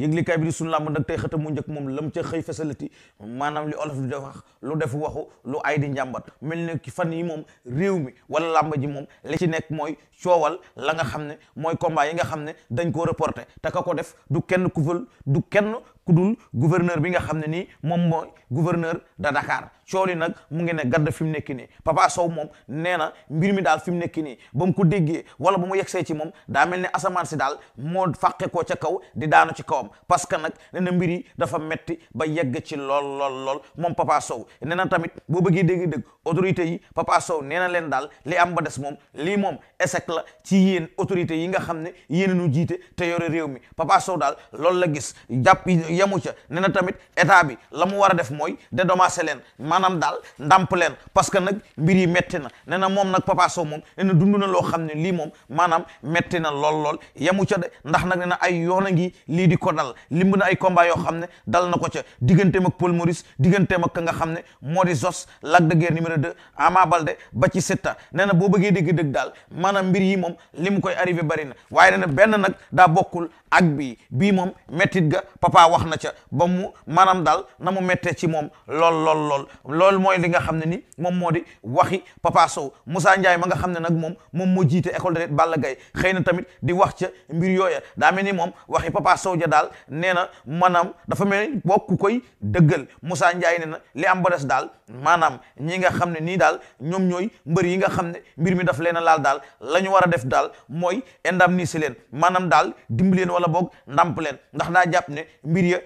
yëglikaay bi di sunu làmb nag tey xëta mu njëkk moom lam ca xëy fesalati maanaam li olof di wax lu def waxu lu ay di njàmbat mel ne ki fan yi moom réew mi wala làmb ji moom li ci nekk mooy coowal la nga xam ne mooy combat yi nga xam ne dañ koo reporté te ka ko def du kenn ku fël du kenn ku dul gouverneur bi nga xam ne nii moom mooy gouverneur de Dakar cooli nag mu ngi ne gadda fi mu nekk nii papa sow moom nee na mbir mi daal fi mu nekk nii ba mu ko déggee wala ba mu yegsee ci moom daa mel ne asamaan si daal moo fàqe koo ca kaw di daanu ci kawam parce que nag nee na mbir yi dafa metti ba yegg ci lool lool lool moom papa sow nee na tamit boo bëggee dégg-dégg autorité yi papa sow nee na leen daal li am ba des moom lii moom échec la ci yéen autorité yi nga xam ne yéen nu jiite te yore réew mi papa sow daal loolu la gis jàpp yamu ca nee na tamit état bi la mu war a def mooy dédommager maanaam daal ndàmp leen parce que nag mbir yi metti na nee na moom nag Papa moom nee na dund na loo xam ne lii moom maanaam metti na lool lool yamu ca de ndax nag nee na ay yoon a ngi lii di ko dal limb na ay combat yoo xam ne dal na ko ca digganteem ak Paul Maurice digganteem ak ka nga xam ne moo di Zos Lac de Guiers numéro 2 Ama Baldé ba ci Siteu nee na boo bëggee dëgg-dëgg daal maanaam yi moom li mu koy arriver bari na waaye nee benn nag daa bokkul ak bii bii moom mettit ga papa wax na ca ba mu maanaam daal na mu mette ci moom lool lool lool loolu mooy li nga xam ne ni moom moo di waxi papa Sow Moussa Ndiaye ma nga xam ne nag moom moom moo jiite école de Balla xëy na tamit di wax ca mbir yooya daa mel ni moom waxi papa Sow ja daal nee na maanaam dafa mel ni bokku koy dëggal Moussa Ndiaye nee na li am ba daal maanaam ñi nga xam ne nii daal ñoom ñooy mbër yi nga xam ne mbir mi daf leen a laal daal la ñu war a def daal mooy indemniser leen maanaam daal dimbali leen wala boog ndàmp leen da daa jàpp ne mbir ya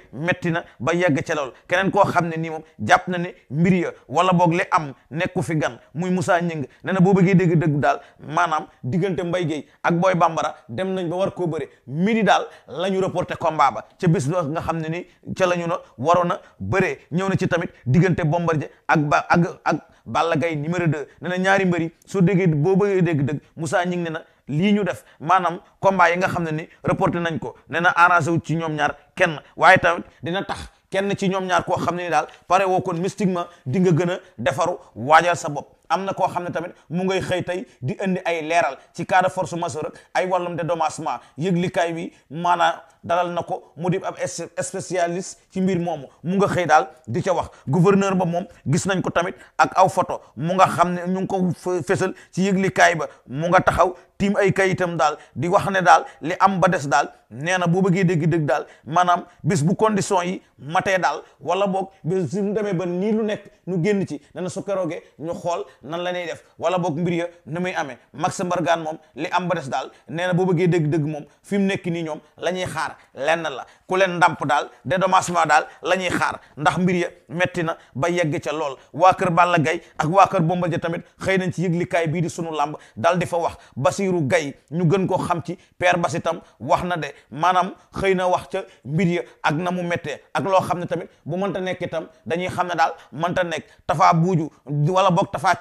na ba yegg ca lool keneen koo xam ne ni moom jàpp na ne mbir ya wala boog li am nekku fi gan muy Moussa Ñing ne na boo bëggee dégg dëgg daal maanaam diggante Mbaye Guèye ak Boy Bambara dem nañ ba war koo bëre midi daal lañu ñu reporté combat ba ca bis ba nga xam ne ni ca la ñu na waroon a bëree ñëw na ci tamit diggante Bombardier ak Balla Gaye numéro de ne ñaari mbëri soo déggee boo bëggee dégg dëgg Moussa ñi ne na lii ñu def maanaam combat yi nga xam ne ni reporté nañ ko ne na arrangé wu ci ñoom ñaar kenn waaye tamit dina tax kenn ci ñoom ñaar koo xam ne daal pare woo kon ma di nga gën a defaru waajal sa bopp am na koo xam ne tamit mu ngay xëy tey di indi ay leeral ci cas de force majeure ay wàllum dédommagement yëglikaay bi maanaam dalal na ko mu di ab spécialiste ci mbir moomu mu nga xëy daal di ca wax gouverneur ba moom gis nañ ko tamit ak aw photo mu nga xam ne ñu ngi ko fésal ci yëglikaay ba mu nga taxaw tiim ay kayitam daal di wax ne daal li am ba des daal nee na boo bëggee dégg-dégg daal maanaam bis bu condition yi matee daal wala boog bis su demee nii lu nekk nu génn ci su keroogee ñu xool nan la ñuy def wala boog mbir ya na muy amee Max Mbargane moom li am ba des daal nee na boo bëggee dëgg-dëgg moom fi mu nekk nii ñoom lañuy xaar lenn la ku leen ndàmp daal dédommagement daal lañuy xaar ndax mbir ya metti na ba yegg ca lool waa kër Balla gay ak waa kër Bombardier tamit xëy nañ ci yëglikaay bii di sunu làmb daal di fa wax Basiru gay ñu gën koo xam ci père Basi tam wax na de maanaam xëy na wax ca mbir ya ak na mu méttee ak loo xam ne tamit bu mënta nekk itam dañuy xam ne daal mënta nekk tafaa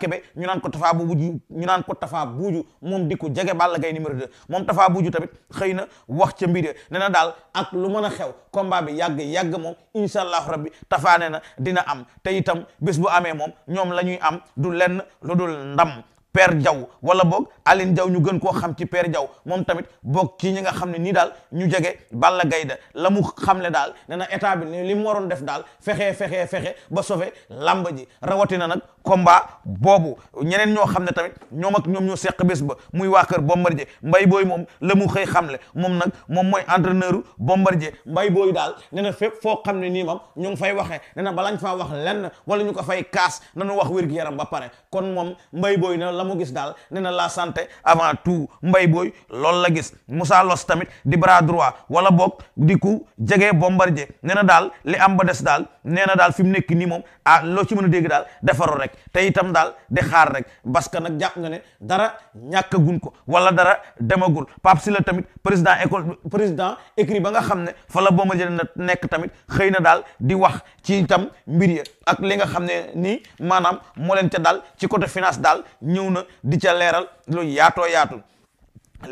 be ñu naan ko tafaa buuju ñu naan ko tafaa buuju moom di ko jege Balla Gaye numéro 2 moom tafaa buuju tamit xëy na wax ca mbir ne na daal ak lu mën a xew combat bi yàgg yàgg moom incha allahu rabbi tafaa ne na dina am te itam bés bu amee moom ñoom la ñuy am du lenn lu dul ndam Père Diaw wala boog Aline Diaw ñu gën koo xam ci Père Diaw moom tamit boog kii ñi nga xam ne nii daal ñu jege Balla Gaye da la mu xam ne daal nee na état bi ni li mu waroon def daal fexe fexe fexe ba sauver lamb ji rawatina nag combat boobu ñeneen ñoo xam ne tamit ñoom ak ñoom ñoo seq bés ba muy waa kër Bombardier mbay booy moom la mu xëy xamle moom nag moom mooy bombar Bombardier mbay booy daal nee na foo xam ne nii moom ñu ngi fay waxee nee na balañ faa wax lenn wala ñu ko fay kaas nanu wax wér yaram ba pare la mu gis daal nee na la santé avant tout mbay booy loolu la gis Moussa Loss tamit di bras droit wala boog di ku jege Bombardier nee na daal li am ba des daal nee na daal fi mu nekk nii moom a ah loo ci mën a dégg daal defaru rek te itam daal di xaar rek parce que nag jàpp nga ne dara ñàkkagun ko wala dara demagul Pape Sylla tamit président école président écrit ba nga xam ne fa la Bombardier na nekk tamit xëy na daal di wax ci itam mbir ya ak li nga xam ne nii ñëw na di ca leeral lu yaatoo yaatu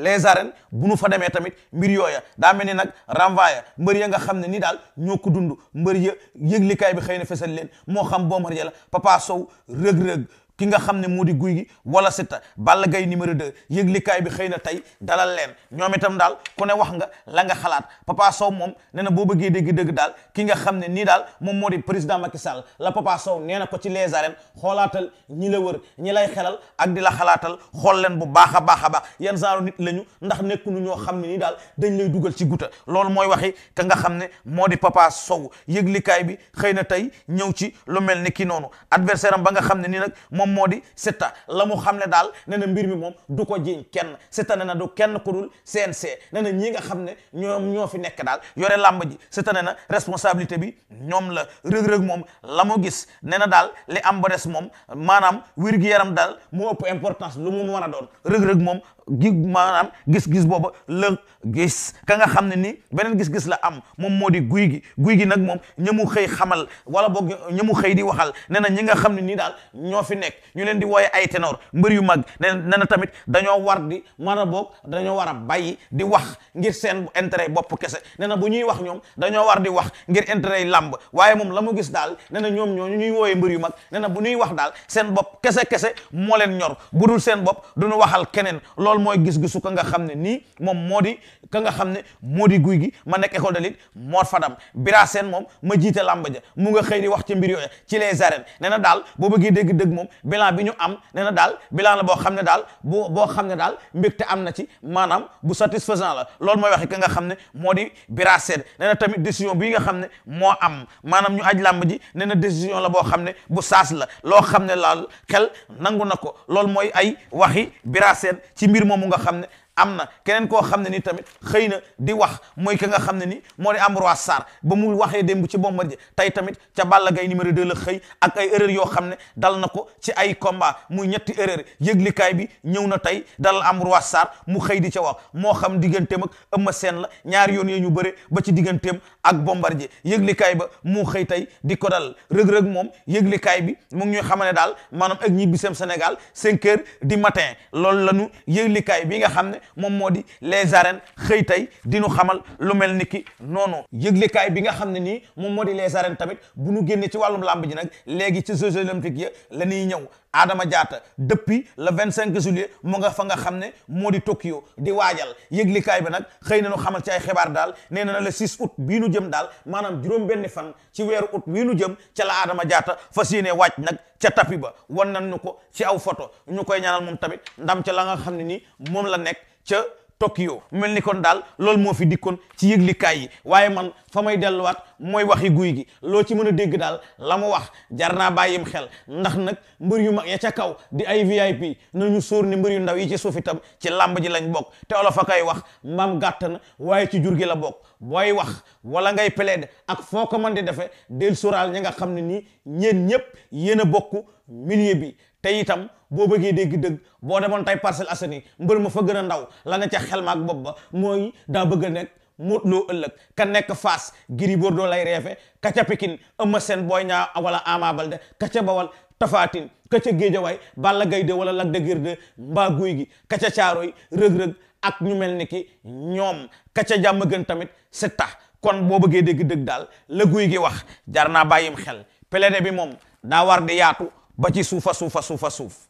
les arènes bu nu fa demee tamit mbir yooya daa mel ni nag renvoya mbër ya nga xam ne ni daal ñoo ko dund mbër ya yëglikaay bi xëy na fesal leen moo xam Bombardier la Papa Sow rëg-rëg ki nga xam ne moo di guy gi wala Siteu Balla Gaye numéro 2 yëglikaay bi xëy na tey dalal leen ñoom itam daal ku ne wax nga la nga xalaat Papa moom nee na boo bëggee dégg-dégg daal ki nga xam ne nii daal moom moo di président Macky Sall la Papa Sow nee ko ci les xoolaatal ñi la ñi lay xelal ak di la xalaatal xool leen bu baax a baax a baax yan genre nit lañu ndax nekkuñu ñoo xam ne nii daal dañ lay dugal ci guta loolu mooy waxi ka nga xam ne moo di Papa Sow yëglikaay bi xëy na tey ñëw ci lu mel ni ki noonu adversaire ba nga xam ne nii nag moom moom moo di Siteu la mu xam ne daal nee na mbir mi moom du ko jiñ kenn Siteu nee na du kenn ku dul CNC nee na ñi nga xam ne ñoom ñoo fi nekk daal yore làmb ji Siteu nee na responsabilité bi ñoom la rëg-rëg moom la mu gis nee na daal li am ba moom maanaam wér yaram daal moo ëpp importance lu mu mën a doon rëg-rëg moom gi maanaam gis-gis boobu la gis ka nga xam ne ni beneen gis-gis la am moom moo di guy gi guy gi nag moom ña xëy xamal wala boog ña mu xëy di waxal nee na ñi nga xam ne nii daal ñoo fi nekk ñu leen di wooye ay ténor mbër yu mag nee na tamit dañoo war di maanaam boog dañoo war a bàyyi di wax ngir seen intérêt bopp kese nee na bu ñuy wax ñoom dañoo war di wax ngir intérêt yi làmb waaye moom la mu gis daal nee ñoom ñoo ñuy wooye mbër yu mag nee na bu ñuy wax daal seen bopp kese kese moo leen ñor bu dul seen bopp duñu waxal keneen loolu loolu mooy gis-gisu ka nga xam ne nii moom moo di nga xam ne moo di guy gi ma nekk école de lutte Mor Fadam Bira Sène moom ma jiita làmb ja mu nga xëy di wax ci mbir yooyu ci les arènes nee na daal boo bëggee dégg dëgg moom bilan bi ñu am nee na daal bilan la boo xam ne daal boo boo xam ne daal mbégte am na ci maanaam bu satisfaisant la loolu mooy waxi ka nga xam ne moo di Bira Sène nee tamit décision bi nga xam ne moo am maanaam ñu aj làmb ji nee na décision la boo xam ne bu saas la loo xam ne laal xel nangu na ko loolu mooy moomu nga xam ne am na keneen koo xam ne ni tamit xëy na di wax mooy ka nga xam ne ni moo di Ambroise Sarr ba mu waxee démb ci Bombardier tey tamit ca Balla Gaye numéro 2 xëy ak ay erreur yoo xam ne dal na ko ci ay combat muy ñetti erreur yëglikaay bi ñëw na tey dalal Ambroise Sarr mu xëy di ca wax moo xam digganteem ak Eumeu Sène la ñaari yoon yi ñu bëre ba ci digganteem ak Bombardier yëglikaay ba mu xëy tey di ko dal rëg-rëg moom yëglikaay bi mu ngi ñuy xam ne daal maanaam ak ñibbiseem Sénégal cinq heures di matin loolu la ñu yëglikaay nga xam ne moom moo di les arènes xëy tey di nu xamal lu mel ni ki noonu yëglekaay bi nga xam ne nii moom moo di les arènes tamit bu nu génnee ci wàllum làmb ji nag léegi ci jeux olympiques ya la ñuy ñëw Adama jaata depuis la vingt cinq juillet mu nga fa nga xam ne moo di Tokyo di waajal yëglikaay bi nag xëy na nu xamal ci ay xibaar daal nee na le 6 août bii nu jëm daal maanaam juróom benn fan ci weeru août bii nu jëm ca la Adama jaata fas yéene wàcc nag ca tapi ba wan nan nu ko ci aw photo ñu koy ñaanal moom tamit ndam ca la nga xam ne nii moom la nekk ca Tokyo mel ni kon daal loolu moo fi dikkoon ci yëglikaay yi waaye man fa may delluwaat mooy wax yi guy gi loo ci mën a dégg daal la mu wax jar naa bàyyim xel ndax nag mbër yu mag ya ca kaw di ay VIP nañu sóor ni mbër yu ndaw yi ci suuf itam ci làmb ji lañ bokk te olof a kay wax maam gàtt na waaye ci jur gi la bokk booy wax wala ngay plaide ak foo ko mën di defee del sóoraal ña nga xam ne nii ñeen ñépp yéen a bokk milieu bi te itam boo bëggee dégg dëgg boo demoon tey Parcelles Assainies mbër ma fa gën a ndaw la ne ca xel maak bopp ba mooy daa bëgg a nekk Modou Lo ëllëg ka nekk Fass Gris Bordeaux lay reefe ka ca Pikine Eumeu booy Boy Niang wala Ama Baldé Bawal Tafatin ka ca Géejawaay Balla Gaye de wala Lac de Guiers de mbaa guy gi ka ca Caaroy Rëg-Rëg ak ñu mel ni ki ñoom ka ca jàmm gën tamit c'est tax kon boo bëggee dégg dëgg daal la guy gi wax jar naa bàyyim xel plédé bi moom daa war ba ci suufa suufa suufa suuf